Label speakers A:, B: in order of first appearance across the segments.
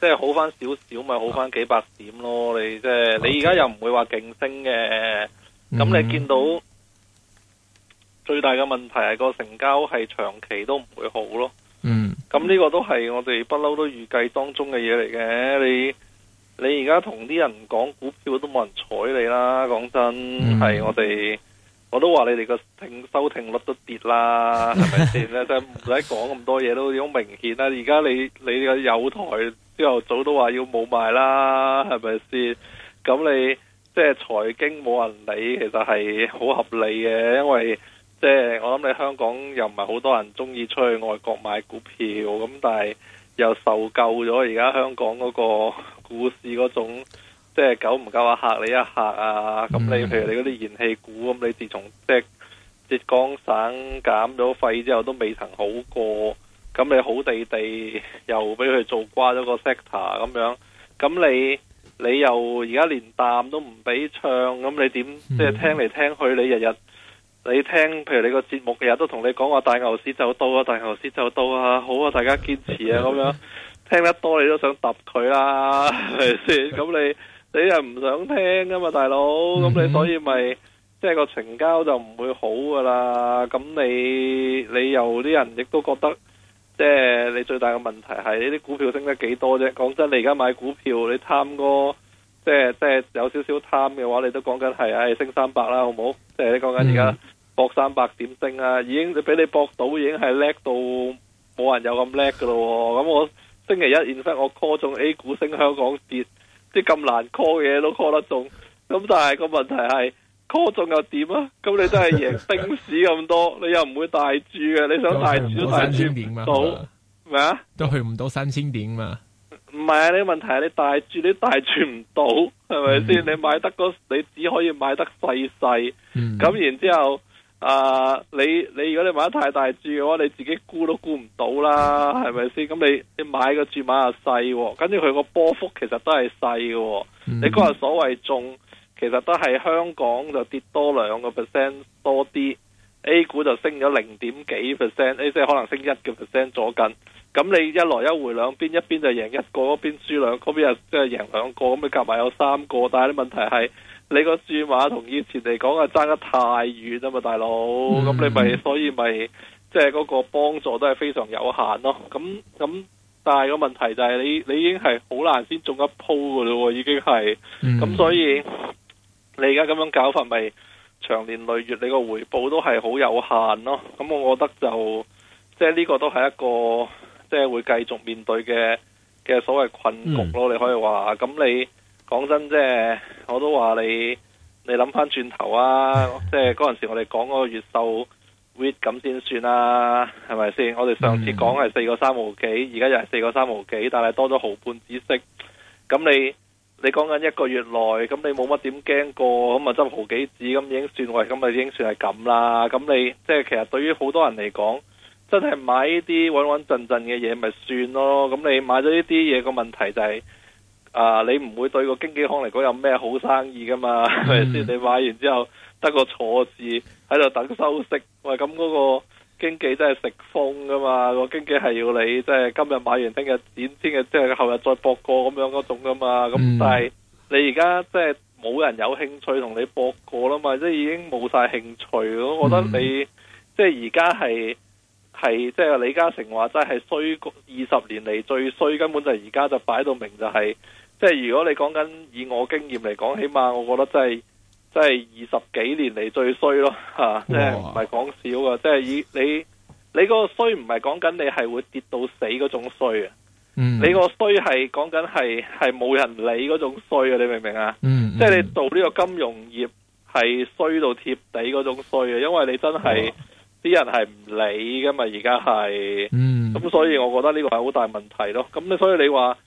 A: 即係好翻少少，咪好翻幾百點咯。你即係 Okay. 你而家又唔會話勁升嘅，咁你見到最大嘅問題係個成交係長期都唔會好咯。嗯，咁呢個都係我哋不嬲都預計當中嘅嘢嚟嘅。你你而家同啲人講股票都冇人睬你啦，講真係、嗯、我哋，我都話你哋個收聽率都跌啦，係咪先咧？即係唔使講咁多嘢，都好明顯啦。而家你你個友台。朝頭早都話要冇賣啦，係咪先？咁你即係財經冇人理，其實係好合理嘅，因為即係我諗你香港又唔係好多人鍾意出去外國買股票，咁但係又受夠咗而家香港嗰個股市嗰種即係久唔久啊吓你一吓啊！咁你、嗯、譬如你嗰啲燃氣股咁，你自從即係浙江省減咗費之後，都未曾好過。咁你好地地又俾佢做瓜咗個 sector 咁樣，咁你你又而家連啖都唔俾唱，咁你點即係聽嚟聽去，你日日你聽，譬如你個節目日日都同你講話大牛市就到啊，大牛市就到啊，好啊，大家堅持啊咁樣，聽得多你都想揼佢啦，係咪先？咁你你又唔想聽㗎嘛，大佬，咁 你所以咪即係個成交就唔會好噶啦。咁你你又啲人亦都覺得。即係你最大嘅問題係你啲股票升得幾多啫？講真，你而家買股票你貪過，即係即係有少少貪嘅話，你都講緊係係升三百啦，好唔好？即係你講緊而家博三百點升啊，已經你俾你博到已經係叻到冇人有咁叻噶咯。咁我星期一現身我 call 中 A 股升，香港跌，即係咁難 call 嘅嘢，都 call 得中。咁但係個問題係。call 仲又點啊？咁你真係贏丁屎咁多， 你又唔會大注嘅，你想大注都大注唔到咩啊？
B: 都去唔到三千點嘛？唔
A: 係啊，你、這個、問題係你大注，你大注唔到，係咪先？嗯、你買得嗰，你只可以買得細細。咁、嗯、然之後，啊、呃，你你如果你買得太大注嘅話，你自己估都估唔到啦，係咪先？咁你你買個注碼又細，跟住佢個波幅其實都係細嘅。你嗰日所謂中。其實都係香港就跌多兩個 percent 多啲，A 股，就升咗零點幾 percent，A 即係可能升一個 percent 左右。咁你一來一回兩邊，一邊就贏一個，邊一個邊輸兩，嗰邊又即係贏兩個，咁你夾埋有三個。但係啲問題係你個注碼，同以前嚟講啊，爭得太遠啊嘛，大佬。咁你咪所以咪即係嗰個幫助都係非常有限咯。咁咁但係個問題就係你你已經係好難先中一鋪噶喎，已經係。咁所以。你而家咁樣搞法咪，就是，長年累月，你個回報都係好有限咯。咁我覺得就即係呢個都係一個即係會繼續面對嘅嘅所謂困局咯。你可以話咁，嗯、你講真的，即係我都話你，你諗翻轉頭啊！嗯、即係嗰陣時候我哋講嗰個越秀 REIT 咁先算啦，啊，係咪先？我哋上次講係四個三毫幾，而家，嗯、又係四個三毫幾，但係多咗毫半知識。咁你？你講緊一個月內，咁你冇乜點驚過，咁啊執好幾次。咁已經算喂，咁啊已經算係咁啦。咁你即係其實對於好多人嚟講，真係買呢啲穩穩陣陣嘅嘢咪算咯。咁你買咗呢啲嘢個問題就係、是，啊你唔會對個經紀行嚟講有咩好生意噶嘛？係咪先？Hmm. 你買完之後得個錯字喺度等收息，喂咁嗰個。經紀真係食風噶嘛？個經紀係要你即係、就是、今日買完，聽日展，聽日即係後日再博過咁樣嗰種噶嘛？咁、嗯、但係你而家即係冇人有興趣同你博過啦嘛？即、就、係、是、已經冇晒興趣咯。嗯、我覺得你即係而家係係即係李嘉誠話齋，真係衰二十年嚟最衰，根本就而家就擺到明、就是，就係即係如果你講緊以我經驗嚟講，起碼我覺得真係。即係二十幾年嚟最衰咯，吓，即係唔係講笑㗎！哦、即係以你你個衰唔係講緊你係會跌到死嗰種衰啊、嗯嗯，嗯，你個衰係講緊係係冇人理嗰種衰啊，你明唔明啊？嗯，即係你做呢個金融業係衰到貼地嗰種衰啊，因為你真係啲、哦、人係唔理噶嘛，而家係，嗯，咁所以我覺得呢個係好大問題咯。咁你所以你話。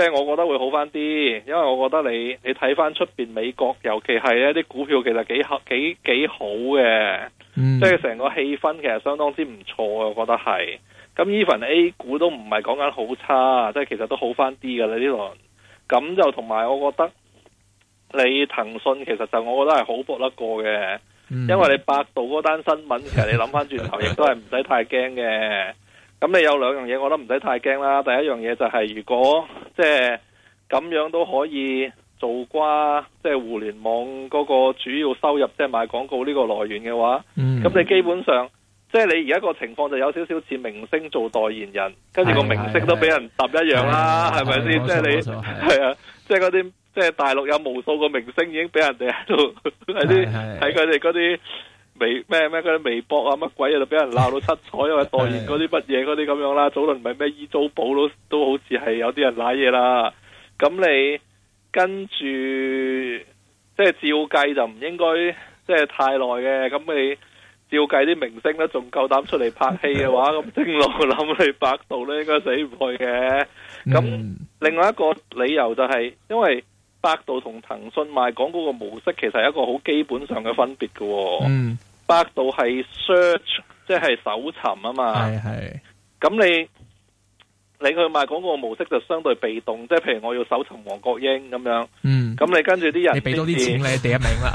A: 即係我覺得會好翻啲，因為我覺得你你睇翻出面美國，尤其係一啲股票其實幾幾幾好嘅，嗯、即係成個氣氛其實相當之唔錯，我覺得係。咁 even A 股都唔係講緊好差，即係其實都好翻啲㗎啦呢輪。咁就同埋我覺得你騰訊其實就我覺得係好搏得過嘅，嗯、因為你百度嗰單新聞 其實你諗翻轉頭亦都係唔使太驚嘅。咁你有兩樣嘢，我覺得唔使太驚啦。第一樣嘢就係，如果即係咁樣都可以做瓜，即係互聯網嗰個主要收入，即係賣廣告呢個來源嘅話，咁你基本上即係你而家個情況就有少少似明星做代言人，跟住個明星都俾人揼一樣啦，係咪先？即係你係啊，即係嗰啲即係大陸有無數個明星已經俾人哋喺度喺啲喺佢哋嗰啲。微咩咩嗰啲微博啊乜鬼啊，就俾人鬧到七彩，因為代言嗰啲乜嘢嗰啲咁樣啦。早輪唔係咩 e 租寶都都好似係有啲人瀨嘢啦。咁你跟住即係照計就唔應該即係太耐嘅。咁你照計啲明星咧，仲夠膽出嚟拍戲嘅話，咁 正路諗你百度咧，應該死唔去嘅。咁、嗯、另外一個理由就係、是，因為百度同騰訊賣廣告嘅模式，其實係一個好基本上嘅分別嘅。嗯。百度係 search，即係搜尋啊嘛。係係。咁你你去賣廣告模式就相對被動，即係譬如我要搜尋黃國英咁樣。嗯。咁你跟住啲人，你俾多啲錢你 第一名啦。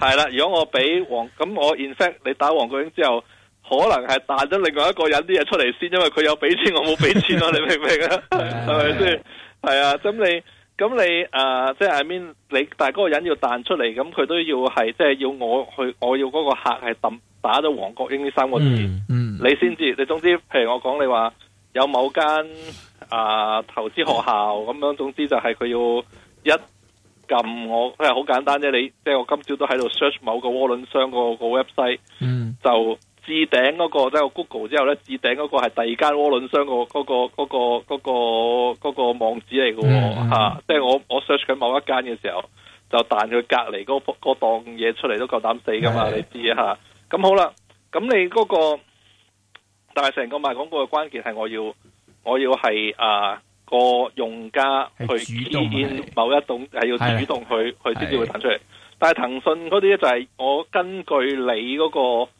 A: 係啦，如果我俾黃咁我 in fact，你打黃國英之後，可能係彈咗另外一個人啲嘢出嚟先，因為佢有俾錢，我冇俾錢啊， 你明唔明啊？係咪先？係啊，咁的你。咁你誒、呃，即係 I mean，你但係嗰個人要彈出嚟，咁佢都要係即係要我去，我要嗰個客係撳打咗黃國英呢三個字，嗯嗯、你先至。你總之，譬如我講你話有某間啊、呃、投資學校咁樣，總之就係佢要一撳我，即係好簡單啫。你即係我今朝都喺度 search 某個窩輪商個個 website，、嗯、就。置頂嗰、那個即係、就是、Google 之後咧，置頂嗰個係第二間窩輪商的、那個嗰、那個嗰、那個嗰、那個嗰、那個那個網址嚟嘅吓，即係、mm hmm. 啊就是、我我 search 佢某一間嘅時候，就彈佢隔籬嗰個檔嘢、那個、出嚟都夠膽死噶嘛？Mm hmm. 你知吓，咁好啦，咁你嗰、那個但係成個賣廣告嘅關鍵係我要我要係啊個用家去點某一棟係要主動去去先至會彈出嚟，是的但係騰訊嗰啲咧就係我根據你嗰、那個。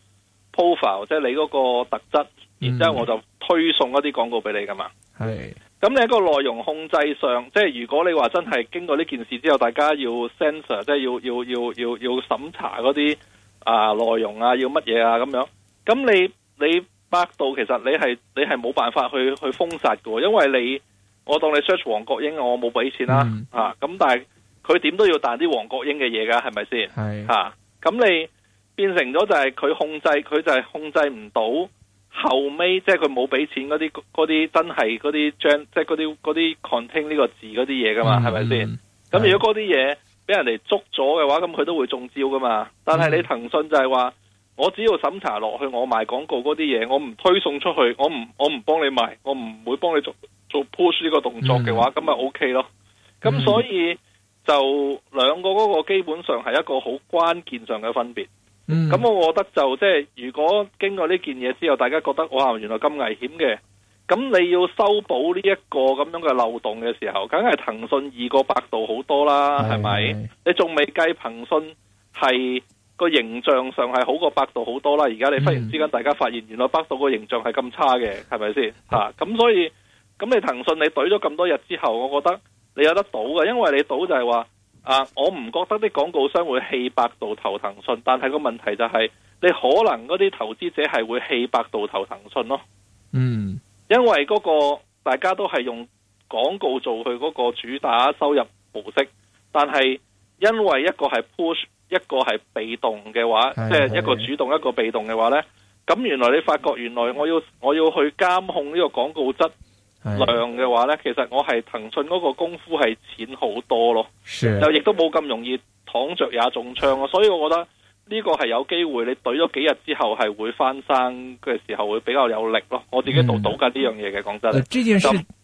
A: profile 即係你嗰個特質，然之後我就推送一啲廣告俾你噶嘛。係是，咁你喺個內容控制上，即係如果你話真係經過呢件事之後，大家要 censor，即係要要要要要審查嗰啲啊內容啊，要乜嘢啊咁樣。咁你你百度其實你係你係冇辦法去去封殺噶，因為你我當你 search 黃國英，我冇俾錢啦、啊、吓，咁、嗯啊、但係佢點都要彈啲黃國英嘅嘢噶，係咪先？係吓是，咁、啊、你。變成咗就係佢控制，佢就係控制唔到後尾，即係佢冇俾錢嗰啲嗰啲真係嗰啲將，即係嗰啲嗰啲 content 呢個字嗰啲嘢㗎嘛，係咪先？咁吧、嗯、如果嗰啲嘢俾人哋捉咗嘅話，咁佢都會中招㗎嘛。但係你騰訊就係話，嗯、我只要審查落去，我賣廣告嗰啲嘢，我唔推送出去，我唔我唔幫你賣，我唔會幫你做做 push 呢個動作嘅話，咁咪、嗯、OK 咯。咁、嗯、所以就兩個嗰個基本上係一個好關鍵上嘅分別。咁我覺得就即係，如果經過呢件嘢之後，大家覺得哇原來咁危險嘅，咁你要修補呢一個咁樣嘅漏洞嘅時候，梗係騰訊易過百度好多啦，係咪？你仲未計騰訊係個形象上係好過百度好多啦，而家你忽然之間大家發現原來百度個形象係咁差嘅，係咪先？嚇、啊，咁所以咁你騰訊你懟咗咁多日之後，我覺得你有得賭嘅，因為你賭就係話。啊！我唔覺得啲廣告商會棄百度投騰訊，但係個問題就係、是、你可能嗰啲投資者係會棄百度投騰訊咯。嗯，因為嗰、那個大家都係用廣告做佢嗰個主打收入模式，但係因為一個係 push，一個係被動嘅話，是的即係一個主動一個被動嘅話呢。咁原來你發覺原來我要我要去監控呢個廣告質是量嘅話呢，其實我係騰訊嗰個功夫係淺好多咯，是就亦都冇咁容易躺着也中槍咯，所以我覺得呢個係有機會，你懟咗幾日之後係會翻生嘅時候會比較有力咯。我自己度到㗎呢樣嘢嘅，講真。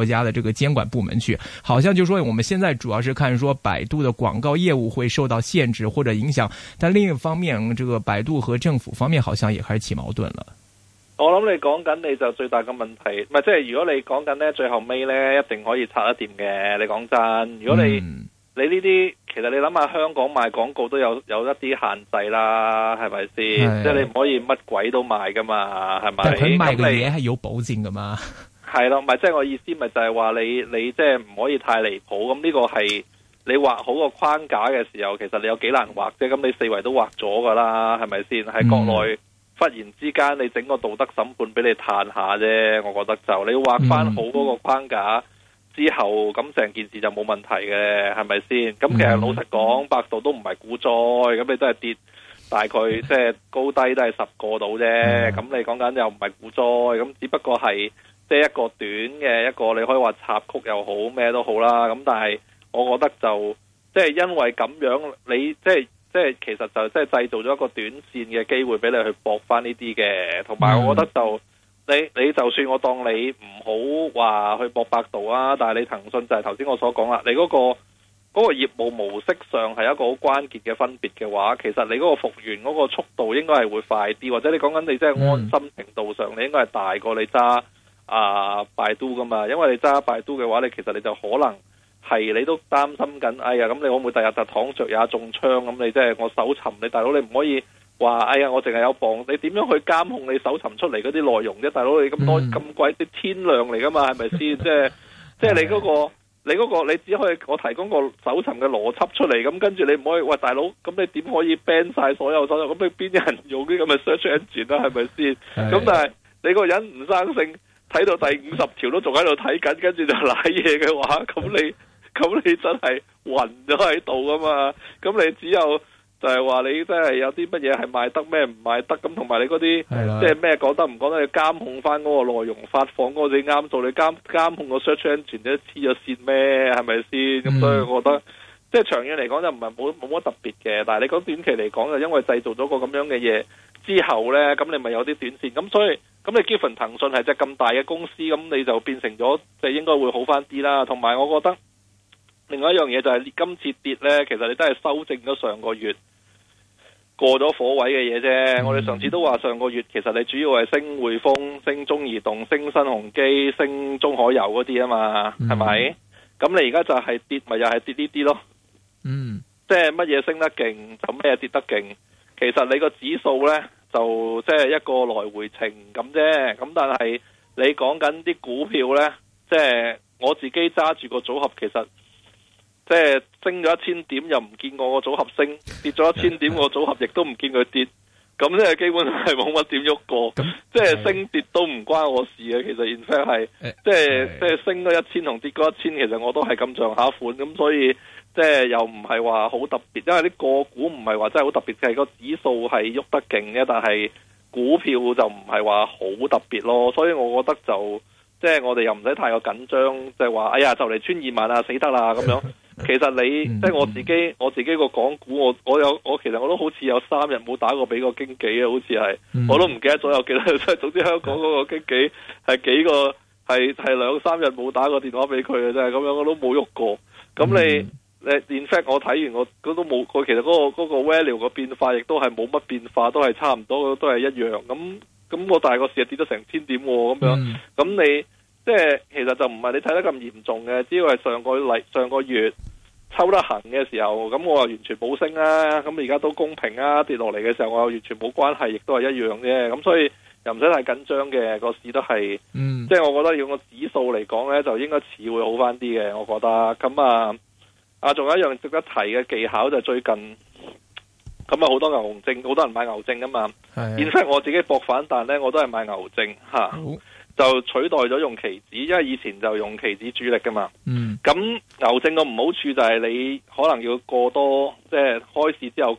B: 國家的這個監管部門去，好像就說我們現在主要是看說百度的廣告業務會受到限制或者影響，但另一方面，這個百度和政府方面好像也開始起矛盾
A: 了。我諗你講緊你就最大嘅問題，唔係即係如果你講緊呢最後尾呢，一定可以拆得掂嘅，你講真。如果你、嗯、你呢啲，其實你諗下香港賣廣告都有有一啲限制啦，係咪先？哎哎即係你唔可以乜鬼都賣噶嘛，係咪？但係佢賣嘅嘢
B: 係有保證噶嘛？嗯
A: 係咯，咪即係我意思咪就係話你你即係唔可以太離譜咁，呢個係你畫好個框架嘅時候，其實你有幾難畫啫。咁你四圍都畫咗㗎啦，係咪先？喺、嗯、國內忽然之間你整個道德審判俾你嘆下啫，我覺得就你畫翻好嗰個框架之後，咁成、嗯、件事就冇問題嘅，係咪先？咁其實老實講，嗯、百度都唔係股災，咁你都係跌大概即係、就是、高低都係十個度啫。咁、嗯、你講緊又唔係股災，咁只不過係。即係一個短嘅一個，你可以話插曲又好咩都好啦。咁但係我覺得就即係因為咁樣，你即係即係其實就即係製造咗一個短線嘅機會俾你去搏返呢啲嘅。同埋我覺得就你你就算我當你唔好話去搏百度啊，但係你騰訊就係頭先我所講啦，你嗰個嗰個業務模式上係一個好關鍵嘅分別嘅話，其實你嗰個復原嗰個速度應該係會快啲，或者你講緊你即係安心程度上，你應該係大過你揸。啊，拜都噶嘛，因為你揸拜都嘅話你其實你就可能係你都擔心緊，哎呀，咁你可唔可以第日就躺着呀？中槍？咁你即係我搜尋你大佬，你唔可以話，哎呀，我淨係有防你，點樣去監控你搜尋出嚟嗰啲內容啫，大佬你咁多咁、嗯、貴啲天亮嚟噶嘛，係咪先？即係即係你嗰、嗰個 你嗰、嗰個你只可以我提供個搜尋嘅邏輯出嚟，咁跟住你唔可以喂大佬，咁你點可以 ban 晒所有搜尋咁你邊有人用啲咁嘅 search engine 係咪先？咁 但係你個人唔生性。睇到第五十條都仲喺度睇緊，跟住就瀨嘢嘅話，咁你咁你真係暈咗喺度啊嘛！咁你只有就係話你真係有啲乜嘢係賣得咩唔賣得咁，同埋你嗰啲的即係咩講得唔講得，你監控翻嗰個內容發放嗰啲啱做你監，你監監控個 search engine 都黐咗線咩？係咪先？咁、嗯、所以我覺得即係長遠嚟講就唔係冇冇乜特別嘅，但係你講短期嚟講就是、因為製造咗個咁樣嘅嘢之後呢，咁你咪有啲短線咁，所以。咁你加上騰訊係隻咁大嘅公司，咁你就變成咗即係應該會好翻啲啦。同埋我覺得另外一樣嘢就係、是、今次跌呢，其實你都係修正咗上個月過咗火位嘅嘢啫。嗯、我哋上次都話上個月其實你主要係升匯豐、升中移動、升新鴻基、升中海油嗰啲啊嘛，係咪？嗯？咁你而家就係跌，咪又係跌啲啲咯。嗯，即係乜嘢升得勁就咩跌得勁。其實你個指數呢。就即係一個來回程咁啫，咁但係你講緊啲股票呢，即係我自己揸住個組合，其實即係升咗一千點又唔見我個組合升，跌咗一千點個組合亦都唔見佢跌，咁咧 基本係冇乜點喐過，即係、嗯、升跌都唔關我事嘅，其實而家係即係即係升多一千同跌多一千，其實我都係咁上下款，咁所以。即係又唔係話好特別，因為啲個股唔係話真係好特別，係個指數係喐得勁嘅，但係股票就唔係話好特別咯。所以我覺得就即係我哋又唔使太過緊張，即係話、就是、哎呀就嚟穿二萬啊死得啦咁樣。其實你即係我自己，我自己個港股我我有我其實我都好似有三日冇打過俾個經紀啊，好似係、嗯、我都唔記得咗有幾多啦。即係總之香港嗰個經紀係幾個係係兩三日冇打過電話俾佢嘅真係，咁樣我都冇喐過。咁你？嗯誒 t 我睇完我都冇，佢其實嗰，那個嗰，那個 value 個變化亦都係冇乜變化，都係差唔多，都係一樣。咁咁我大個個市就跌咗成千點咁樣，咁、mm. 你即係其實就唔係你睇得咁嚴重嘅，只要係上個禮上個月抽得行嘅時候，咁我話完全冇升啦，啊。咁而家都公平啊，跌落嚟嘅時候我又完全冇關係，亦都係一樣啫。咁所以又唔使太緊張嘅，那個市都係，mm. 即係我覺得用個指數嚟講咧就應該似會好翻啲嘅，我覺得咁啊。啊，仲有一樣值得提嘅技巧就係、是、最近，咁啊好多牛證，好多人買牛證噶嘛。係的，其實我自己博反彈呢，我都係買牛證吓，好就取代咗用期指，因為以前就用期指主力噶嘛。嗯，咁牛證個唔好處就係你可能要過多，即、就、係、是、開市之後，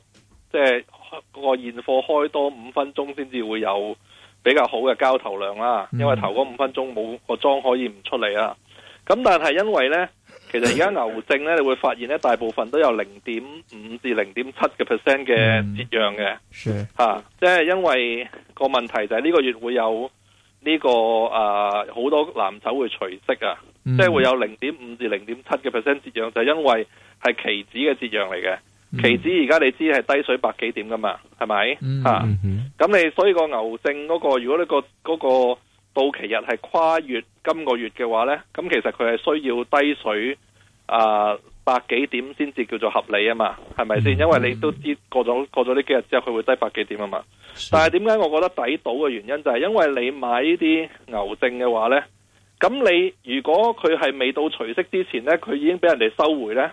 A: 即係個現貨開多五分鐘先至會有比較好嘅交投量啦。嗯、因為頭嗰五分鐘冇、那個莊可以唔出嚟啦。咁但係因為呢。其實而家牛證咧，你會發現咧，大部分都有零點五至零點七嘅 percent 嘅折讓嘅，吓、嗯，即係、啊、因為個問題就係呢個月會有呢、這個誒好多藍籌會除息啊，即係會、啊嗯、會有零點五至零點七嘅 percent 折讓，就係、因為係期指嘅折讓嚟嘅。期、嗯、指而家你知係低水百幾點噶嘛，係咪？吓、嗯，咁、啊、你所以個牛證嗰、那個如果呢、那個個。那個到期日係跨越今個月嘅話呢，咁其實佢係需要低水、呃、百幾點先至叫做合理啊嘛，係咪先？嗯、因為你都知過咗過咗呢幾日之後佢會低百幾點啊嘛。的但係點解我覺得抵到嘅原因就係因為你買呢啲牛證嘅話呢？咁你如果佢係未到除息之前呢，佢已經俾人哋收回呢。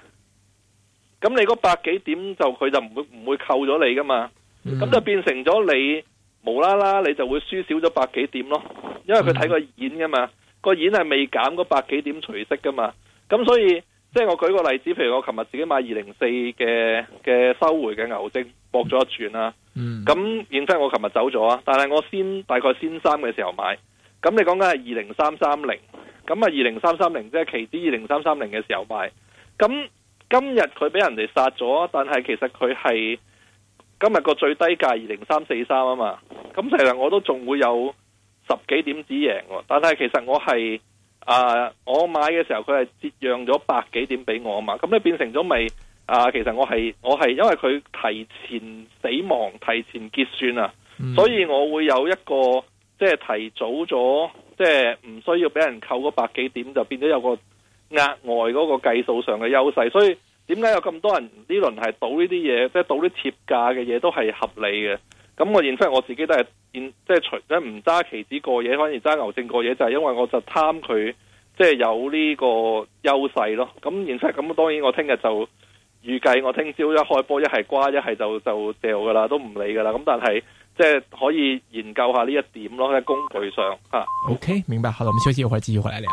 A: 咁你嗰百幾點就佢就唔會唔會扣咗你噶嘛，咁、嗯、就變成咗你。無啦啦你就會輸少咗百幾點咯，因為佢睇、嗯、個演噶嘛，個演係未減嗰百幾點除息噶嘛，咁所以即係我舉個例子，譬如我琴日自己買二零四嘅嘅收回嘅牛精搏咗一轉啦，咁然之後我琴日走咗啊，嗯、但係我先大概先三嘅時候買，咁你講緊係二零三三零，咁啊二零三三零即係期指二零三三零嘅時候買，咁今日佢俾人哋殺咗，但係其實佢係。今日個最低價二零三四三啊嘛，咁其實我都仲會有十幾點止贏喎，但係其實我係啊、呃，我買嘅時候佢係折讓咗百幾點俾我啊嘛，咁你變成咗咪啊，其實我係我係因為佢提前死亡，提前結算啊，嗯、所以我會有一個即係、就是、提早咗，即係唔需要俾人扣嗰百幾點，就變咗有個額外嗰個計數上嘅優勢，所以。點解有咁多人呢輪係賭呢啲嘢，即係賭啲貼價嘅嘢都係合理嘅。咁我認識我自己都係，即係除咗唔揸棋子過夜，反而揸牛證過夜，就係、是、因為我就貪佢即係有呢個優勢咯。咁認識咁，當然我聽日就預計我聽朝一開波一係瓜，一係就就掉噶啦，都唔理噶啦。咁但係即係可以研究下呢一
B: 點咯，喺工具上吓。OK，明白。好了，我們休息一會，繼續回來聊。